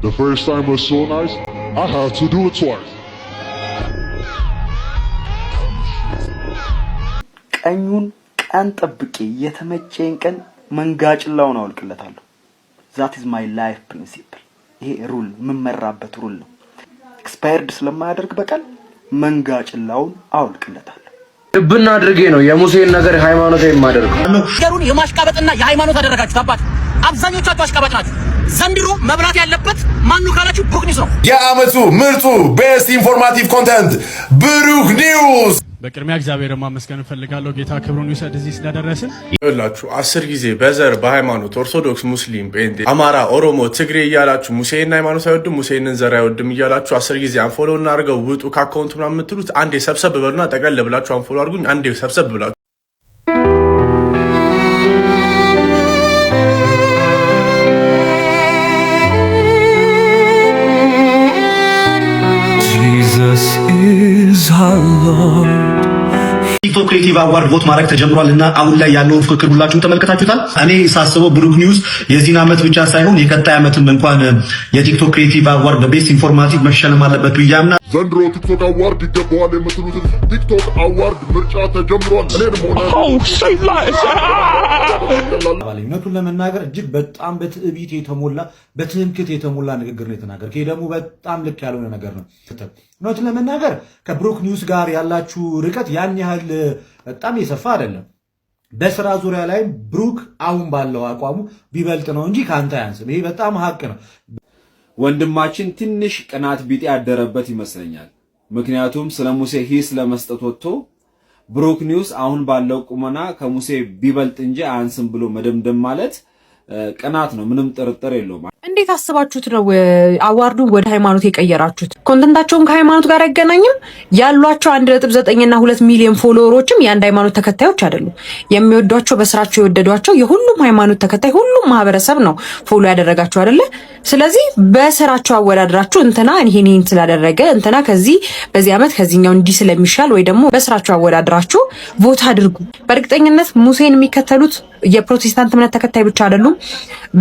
The first time was so nice, I had to do it twice. ቀኙን ቀን ጠብቄ የተመቸኝ ቀን መንጋጭላውን አውልቅለታለሁ። ዛት ኢዝ ማይ ላይፍ ፕሪንሲፕል። ይሄ ሩል የምመራበት ሩል ነው። ኤክስፓየርድ ስለማያደርግ በቀል መንጋጭላውን አውልቅለታለሁ። ልብና አድርጌ ነው የሙሴን ነገር ሃይማኖት የማደርገው። ነገሩን የማሽቃበጥና የሃይማኖት አደረጋችሁት። አባት አብዛኞቻችሁ አሽቃባጭ ናችሁ። ዘንድሮ መብላት ያለበት ማኑ ካላችሁ ብሩክ ነው። የአመቱ ምርጡ ቤስት ኢንፎርማቲቭ ኮንተንት ብሩክ ኒውስ። በቅድሚያ እግዚአብሔር ማመስገን እፈልጋለሁ። ጌታ ክብሩን ይውሰድ እዚህ ስለደረስን። ይላችሁ አስር ጊዜ በዘር በሃይማኖት ኦርቶዶክስ፣ ሙስሊም፣ ጴንጤ፣ አማራ፣ ኦሮሞ፣ ትግሬ እያላችሁ ሙሴን ሃይማኖት አይወድም ሙሴንን ዘር አይወድም እያላችሁ አስር ጊዜ አንፎሎ እናድርገው ውጡ ከአካውንቱ ምናምን የምትሉት አንዴ ሰብሰብ በሉና ጠቅለል ብላችሁ አንፎሎ አድርጉኝ። አንዴ ሰብሰብ ብላችሁ ክሬቲቭ አዋርድ ቮት ማድረግ ተጀምሯል እና አሁን ላይ ያለውን ፍክክር ሁላችሁም ተመልከታችሁታል። እኔ ሳስበው ብሩክ ኒውስ የዚህን ዓመት ብቻ ሳይሆን የቀጣይ ዓመትም እንኳን የቲክቶክ ክሬቲቭ አዋርድ በቤስት ኢንፎርማቲቭ መሸለም አለበት ብያምና ዘንድሮ ቲክቶክ አዋርድ ይገባዋል የምትሉት ቲክቶክ አዋርድ ምርጫ ተጀምሯል። እኔ ሆነ oh, እውነቱን ለመናገር እጅግ በጣም በትዕቢት የተሞላ በትምክት የተሞላ ንግግር ነው የተናገር። ይሄ ደግሞ በጣም ልክ ያልሆነ ነገር ነው። እውነቱን ለመናገር ከብሮክ ኒውስ ጋር ያላችሁ ርቀት ያን ያህል በጣም የሰፋ አይደለም። በስራ ዙሪያ ላይም ብሩክ አሁን ባለው አቋሙ ቢበልጥ ነው እንጂ ከአንተ አያንስም። ይሄ በጣም ሀቅ ነው። ወንድማችን ትንሽ ቅናት ቢጤ ያደረበት ይመስለኛል። ምክንያቱም ስለ ሙሴ ሂስ ለመስጠት ወጥቶ ብሮክ ኒውስ አሁን ባለው ቁመና ከሙሴ ቢበልጥ እንጂ አያንስም ብሎ መደምደም ማለት ቅናት ነው፣ ምንም ጥርጥር የለውም። እንዴት አስባችሁት ነው አዋርዱን ወደ ሃይማኖት የቀየራችሁት? ኮንተንታቸውን ከሃይማኖት ጋር አይገናኝም። ያሏቸው አንድ ነጥብ ዘጠኝና ሁለት ሚሊዮን ፎሎወሮችም የአንድ ሃይማኖት ተከታዮች አይደሉም። የሚወዷቸው በስራቸው የወደዷቸው የሁሉም ሃይማኖት ተከታይ ሁሉም ማህበረሰብ ነው ፎሎ ያደረጋቸው አይደለ? ስለዚህ በስራቸው አወዳድራችሁ እንትና ይሄን ስላደረገ እንትና ከዚህ በዚህ ዓመት ከዚህኛው እንዲህ ስለሚሻል ወይ ደግሞ በስራቸው አወዳድራችሁ ቮት አድርጉ። በእርግጠኝነት ሙሴን የሚከተሉት የፕሮቴስታንት እምነት ተከታይ ብቻ አይደሉም።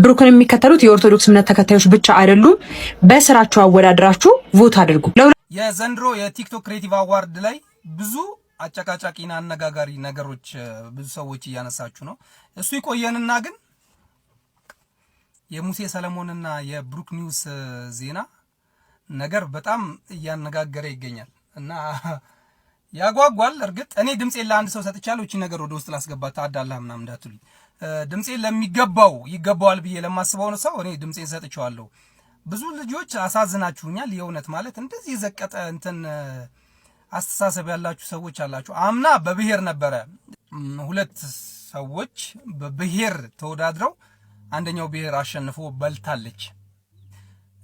ብሩክን የሚከተሉት የኦርቶዶክስ እምነት ተከታዮች ብቻ አይደሉም። በስራችሁ አወዳድራችሁ ቮት አድርጉ። የዘንድሮ የቲክቶክ ክሬቲቭ አዋርድ ላይ ብዙ አጨቃጫቂና አነጋጋሪ ነገሮች ብዙ ሰዎች እያነሳችሁ ነው። እሱ ይቆየንና ግን የሙሴ ሰለሞንና የብሩክ ኒውስ ዜና ነገር በጣም እያነጋገረ ይገኛል እና ያጓጓል። እርግጥ እኔ ድምፄን ለአንድ ሰው ሰጥቻለሁ። እቺ ነገር ወደ ውስጥ ላስገባት ታዳላህ ምናምን እንዳትሉኝ። ድምፄን ለሚገባው ይገባዋል ብዬ ለማስበው ነው ሰው እኔ ድምፄን ሰጥቼዋለሁ። ብዙ ልጆች አሳዝናችሁኛል። የእውነት ማለት እንደዚህ የዘቀጠ እንትን አስተሳሰብ ያላችሁ ሰዎች አላችሁ። አምና በብሔር ነበረ ሁለት ሰዎች በብሔር ተወዳድረው አንደኛው ብሔር አሸንፎ በልታለች።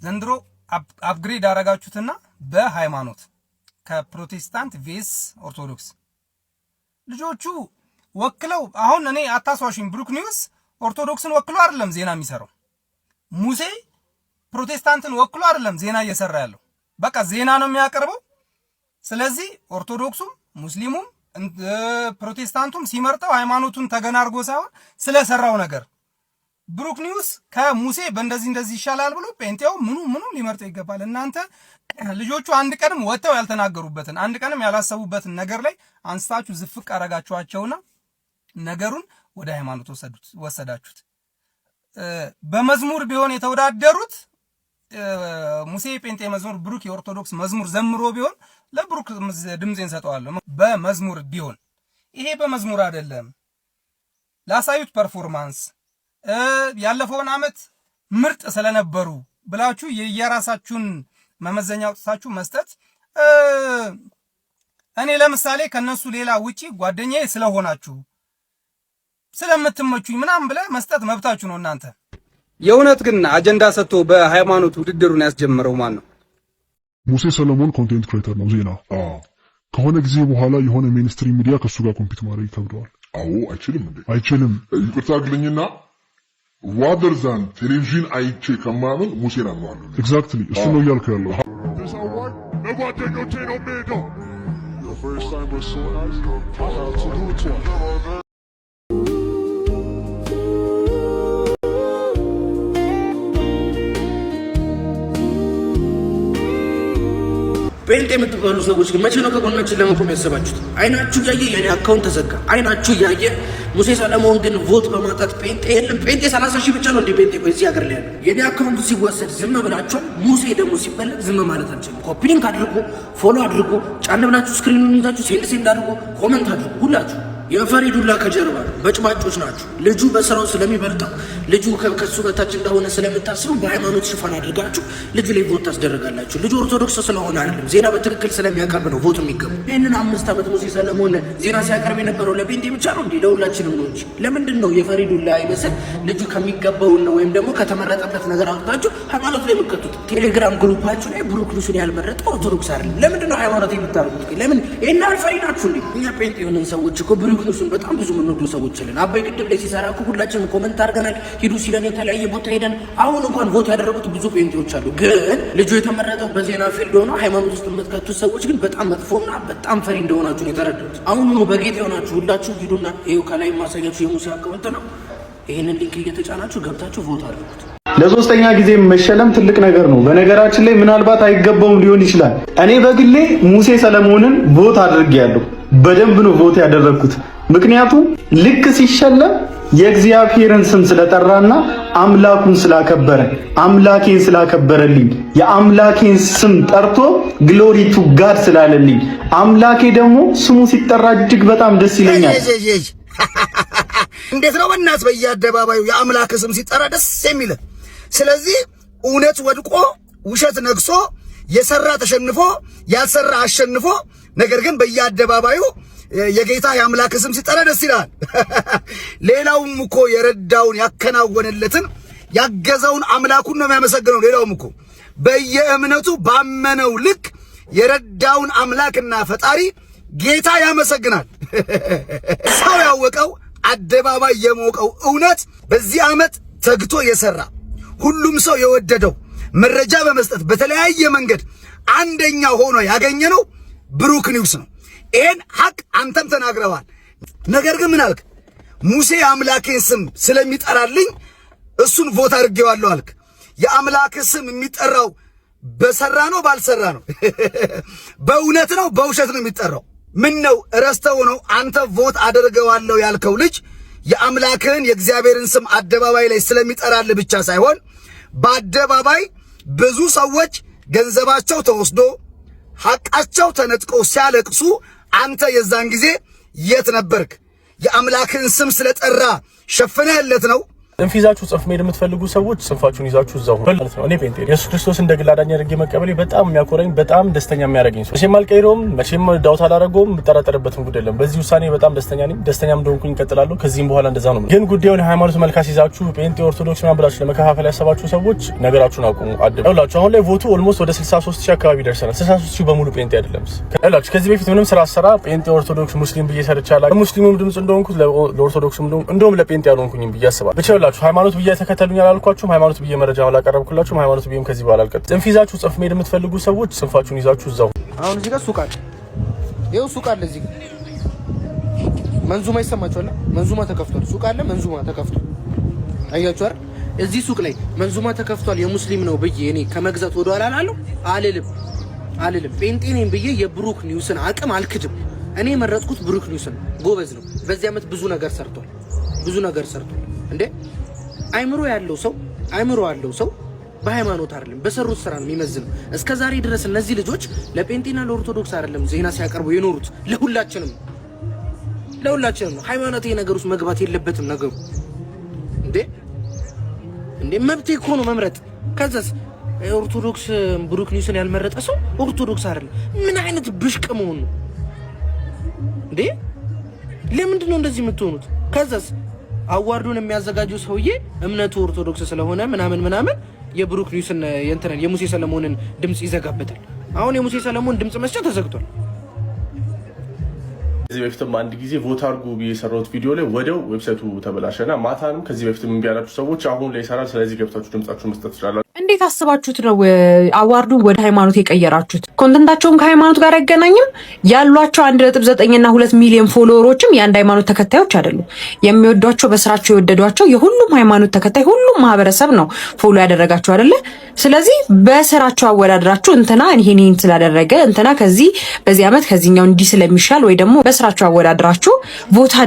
ዘንድሮ አፕግሬድ አረጋችሁትና በሃይማኖት ከፕሮቴስታንት ቬስ ኦርቶዶክስ ልጆቹ ወክለው አሁን እኔ አታስዋሽኝ፣ ብሩክ ኒውስ ኦርቶዶክስን ወክሎ አይደለም ዜና የሚሰራው። ሙሴ ፕሮቴስታንትን ወክሎ አይደለም ዜና እየሰራ ያለው። በቃ ዜና ነው የሚያቀርበው። ስለዚህ ኦርቶዶክሱም ሙስሊሙም ፕሮቴስታንቱም ሲመርጠው ሃይማኖቱን ተገናርጎ ሳይሆን ስለሰራው ነገር ብሩክ ኒውስ ከሙሴ በእንደዚህ እንደዚህ ይሻላል ብሎ ጴንጤው ምኑ ምኑ ሊመርጠው ይገባል። እናንተ ልጆቹ አንድ ቀንም ወጥተው ያልተናገሩበትን አንድ ቀንም ያላሰቡበትን ነገር ላይ አንስታችሁ ዝፍቅ አረጋችኋቸውና ነገሩን ወደ ሃይማኖት ወሰዳችሁት። በመዝሙር ቢሆን የተወዳደሩት ሙሴ የጴንጤ መዝሙር፣ ብሩክ የኦርቶዶክስ መዝሙር ዘምሮ ቢሆን ለብሩክ ድምፄን ሰጠዋለሁ። በመዝሙር ቢሆን ይሄ በመዝሙር አይደለም። ላሳዩት ፐርፎርማንስ ያለፈውን ዓመት ምርጥ ስለነበሩ ብላችሁ የየራሳችሁን መመዘኛ አውጥታችሁ መስጠት። እኔ ለምሳሌ ከነሱ ሌላ ውጪ ጓደኛዬ ስለሆናችሁ ስለምትመቹኝ ምናምን ብለ መስጠት መብታችሁ ነው እናንተ። የእውነት ግን አጀንዳ ሰጥቶ በሃይማኖት ውድድሩን ያስጀምረው ማን ነው? ሙሴ ሰለሞን ኮንቴንት ክሬተር ነው። ዜና ከሆነ ጊዜ በኋላ የሆነ ሚኒስትሪ ሚዲያ ከሱ ጋር ኮምፒት ማድረግ ይከብደዋል። አዎ አይችልም እንዴ? አይችልም። ይቅርታ አግልኝና rather than ቴሌቪዥን አይቼ ከማምን ሙሴን አምነዋለሁ። ኤግዛክትሊ እሱ ነው እያልኩ ያለው። ለጓደኞቼ ነው የምሄደው። ጴንጤ የምትባሉ ሰዎች ግን መቼ ነው ከጎናችን ለመቆም ያሰባችሁት? አይናችሁ እያየ የኔ አካውንት ተዘጋ። አይናችሁ እያየ ሙሴ ሰለሞን ግን ቮት በማጣት ጴንጤ የለም። ጴንጤ ሰላሳ ሺህ ብቻ ነው እንደ ጴንጤ ቆይ እዚህ ሀገር ላይ ያለ የኔ አካውንቱ ሲወሰድ ዝም ብላችኋል። ሙሴ ደግሞ ሲበለጥ ዝም ማለት አልችልም። ኮፒ ሊንክ አድርጉ፣ ፎሎ አድርጉ፣ ጫን ብላችሁ ስክሪኑን ይዛችሁ ሴንድ ሴንድ አድርጉ፣ ኮመንት አድርጉ ሁላችሁ የፈሪዱላ ከጀርባ በጭማጮች ናቸው። ልጁ በስራው ስለሚበልጠው ልጁ ከሱ በታች እንደሆነ ስለምታስቡ በሃይማኖት ሽፋን አድርጋችሁ ልጁ ላይ ቦት ታስደረጋላችሁ። ልጁ ኦርቶዶክስ ስለሆነ አይደለም፣ ዜና በትክክል ስለሚያቀርብ ነው ቦት የሚገቡ። ይህንን አምስት ዓመት ሙሴ ሰለሞን ዜና ሲያቀርብ የነበረው ለጴንጤ ብቻ ነው እንዲ ለሁላችንም ነው እንጂ ለምንድን ነው የፈሪዱላ አይመስል ልጁ ከሚገባውን ነው ወይም ደግሞ ከተመረጠበት ነገር አውጥታችሁ ሃይማኖት ላይ የምትከቱት? ቴሌግራም ግሩፓችሁ ላይ ብሩክ ሉሱን ያልመረጠ ኦርቶዶክስ አይደለም። ለምንድን ነው ሃይማኖት የምታደርጉት? ለምን ይህን አልፈሪ ናችሁ እንዴ? እኛ ጴንጤ የሆንን ሰዎች ብሩክ ቅዱስን በጣም ብዙ የምንወዱ ሰዎች አለን። አባይ ግድብ ላይ ሲሰራ ሁላችንም ኮመንት አድርገናል። ሂዱ ሲለን የተለያየ ቦታ ሄደን አሁን እንኳን ቦታ ያደረጉት ብዙ ጴንጤዎች አሉ። ግን ልጁ የተመረጠው በዜና ፊልድ ሆኖ ሃይማኖት ውስጥ የምትከቱት ሰዎች ግን በጣም መጥፎና በጣም ፈሪ እንደሆናችሁ የተረዱት አሁን ነው። በጌታ የሆናችሁ ሁላችሁ ሂዱና ይኸው ከላይ ማሳያችሁ የሙሴ አካውንት ነው። ይህንን ሊንክ እየተጫናችሁ ገብታችሁ ቦታ አድርጉት። ለሶስተኛ ጊዜ መሸለም ትልቅ ነገር ነው። በነገራችን ላይ ምናልባት አይገባውም ሊሆን ይችላል። እኔ በግሌ ሙሴ ሰለሞንን ቦት አድርጌያለሁ። በደንብ ነው ቦት ያደረግኩት። ምክንያቱም ልክ ሲሸለም የእግዚአብሔርን ስም ስለጠራና አምላኩን ስላከበረ አምላኬን ስላከበረልኝ የአምላኬን ስም ጠርቶ ግሎሪ ቱ ጋድ ስላለልኝ አምላኬ ደግሞ ስሙ ሲጠራ እጅግ በጣም ደስ ይለኛል። እንዴት ነው በእናትህ በየአደባባዩ የአምላክ ስም ሲጠራ ደስ የሚልህ? ስለዚህ እውነት ወድቆ ውሸት ነግሶ የሰራ ተሸንፎ ያልሰራ አሸንፎ፣ ነገር ግን በየአደባባዩ የጌታ የአምላክ ስም ሲጠራ ደስ ይላል። ሌላውም እኮ የረዳውን ያከናወነለትን ያገዘውን አምላኩን ነው የሚያመሰግነው። ሌላውም እኮ በየእምነቱ ባመነው ልክ የረዳውን አምላክና ፈጣሪ ጌታ ያመሰግናል። ሰው ያወቀው አደባባይ የሞቀው እውነት በዚህ ዓመት ተግቶ የሰራ ሁሉም ሰው የወደደው መረጃ በመስጠት በተለያየ መንገድ አንደኛ ሆኖ ያገኘ ነው ብሩክ ኒውስ ነው። ይሄን ሀቅ አንተም ተናግረዋል። ነገር ግን ምን አልክ? ሙሴ የአምላኬን ስም ስለሚጠራልኝ እሱን ቮት አድርጌዋለሁ አልክ። የአምላክ ስም የሚጠራው በሰራ ነው ባልሰራ ነው? በእውነት ነው በውሸት ነው የሚጠራው? ምን ነው እረስተው ነው አንተ ቮት አደርገዋለሁ ያልከው ልጅ የአምላክህን የእግዚአብሔርን ስም አደባባይ ላይ ስለሚጠራልህ ብቻ ሳይሆን በአደባባይ ብዙ ሰዎች ገንዘባቸው ተወስዶ ሐቃቸው ተነጥቆ ሲያለቅሱ አንተ የዛን ጊዜ የት ነበርክ? የአምላክን ስም ስለጠራ ሸፍነህለት ነው ጽንፍ ይዛችሁ ጽንፍ መሄድ የምትፈልጉ ሰዎች ጽንፋችሁን ይዛችሁ እዛው ሆኖ ማለት ነው። እኔ ጴንጤ ኢየሱስ ክርስቶስ እንደ ግል አዳኝ አድርጌ መቀበሌ በጣም የሚያኮረኝ በጣም ደስተኛ የሚያደርገኝ ሰው መቼም አልቀይረውም፣ መቼም ዳውት አላደረገውም። የምጠራጠርበትም ጉዳይ የለም። በዚህ ውሳኔ በጣም ደስተኛ ነኝ። ደስተኛም እንደሆንኩኝ እቀጥላለሁ። ከዚህም በኋላ እንደዛ ነው። ግን ጉዳዩን የሃይማኖት መልካስ ይዛችሁ ጴንጤ፣ ኦርቶዶክስ ምናምን ብላችሁ ለመከፋፈል ያሰባችሁ ሰዎች ነገራችሁን አቁሙ። አድብ ይላችሁ። አሁን ላይ ቮቱ ኦልሞስት ወደ 63 ሺህ አካባቢ ደርሰናል። 63 ሺህ በሙሉ ጴንጤ አይደለም ላችሁ። ከዚህ በፊት ምንም ስራ አሰራ ጴንጤ፣ ኦርቶዶክስ፣ ሙስሊም ብዬ ሰርቻላ። ሙስሊሙም ድምፅ እንደሆንኩት ለኦርቶዶክስም እንደውም ለጴንጤ ያልሆንኩኝም ብዬ አስባለሁ። ይኸውላችሁ ሃይማኖት ብዬ ተከተሉኝ አላልኳችሁም። ሃይማኖት ብዬ መረጃ አላቀረብኩላችሁም። ሃይማኖት ብዬም ከዚህ በኋላ አልቀጥም። ጽንፍ ይዛችሁ ጽንፍ መሄድ የምትፈልጉ ሰዎች ጽንፋችሁን ይዛችሁ እዛው አሁን እዚህ ጋር ሱቅ አለ። ይኸው ሱቅ አለ። እዚህ መንዙማ ይሰማችኋል። መንዙማ ተከፍቷል። ሱቅ አለ። መንዙማ ተከፍቷል። አያችሁ አይደል? እዚህ ሱቅ ላይ መንዙማ ተከፍቷል የሙስሊም ነው ብዬ እኔ ከመግዛት ወደ ኋላ አላለሁ አልልም አልልም። ጴንጤ ነኝ ብዬ የብሩክ ኒውስን አቅም አልክድም። እኔ የመረጥኩት ብሩክ ኒውስን ጎበዝ ነው። በዚህ ዓመት ብዙ ነገር ሰርቷል። ብዙ ነገር ሰርቷል። እንዴ አይምሮ ያለው ሰው አይምሮ ያለው ሰው በሃይማኖት አይደለም በሰሩት ስራ ነው የሚመዝነው። እስከ ዛሬ ድረስ እነዚህ ልጆች ለጴንጤና ለኦርቶዶክስ አይደለም ዜና ሲያቀርቡ የኖሩት ለሁላችንም ለሁላችንም ነው። ሃይማኖት ነገር ውስጥ መግባት የለበትም ነገሩ። እንዴ እንዴ መብቴ እኮ ነው መምረጥ። ከዛስ ኦርቶዶክስ ብሩክ ኒውስን ያልመረጠ ሰው ኦርቶዶክስ አይደለም። ምን አይነት ብሽቅ መሆን ነው እንዴ? ለምንድን ነው እንደዚህ የምትሆኑት? ከዛስ አዋርዱን የሚያዘጋጁ ሰውዬ እምነቱ ኦርቶዶክስ ስለሆነ ምናምን ምናምን የብሩክ ኒውስን የእንትነን የሙሴ ሰለሞንን ድምፅ ይዘጋበታል። አሁን የሙሴ ሰለሞን ድምፅ መስጫ ተዘግቷል። ከዚህ በፊትም አንድ ጊዜ ቮት አድርጉ የሰራሁት ቪዲዮ ላይ ወደው ዌብሳይቱ ተበላሸና ማታንም ከዚህ በፊት የሚያላችሁ ሰዎች አሁን ላይ ይሰራል። ስለዚህ ገብታችሁ ድምጻችሁ መስጠት ትችላላችሁ። እንዴት አስባችሁት ነው አዋርዱ ወደ ሃይማኖት የቀየራችሁት? ኮንተንታቸውን ከሃይማኖት ጋር አይገናኝም። ያሏቸው አንድ ነጥብ ዘጠኝና ሁለት ሚሊዮን ፎሎወሮችም የአንድ ሃይማኖት ተከታዮች አይደሉም። የሚወዷቸው በስራቸው የወደዷቸው የሁሉም ሃይማኖት ተከታይ ሁሉም ማህበረሰብ ነው ፎሎ ያደረጋቸው አይደለ? ስለዚህ በስራቸው አወዳድራችሁ እንትና ይሄን ይሄን ስላደረገ እንትና ከዚህ በዚህ ዓመት ከዚህኛው እንዲህ ስለሚሻል ወይ ደግሞ በስራቸው አወዳድራችሁ ቦታ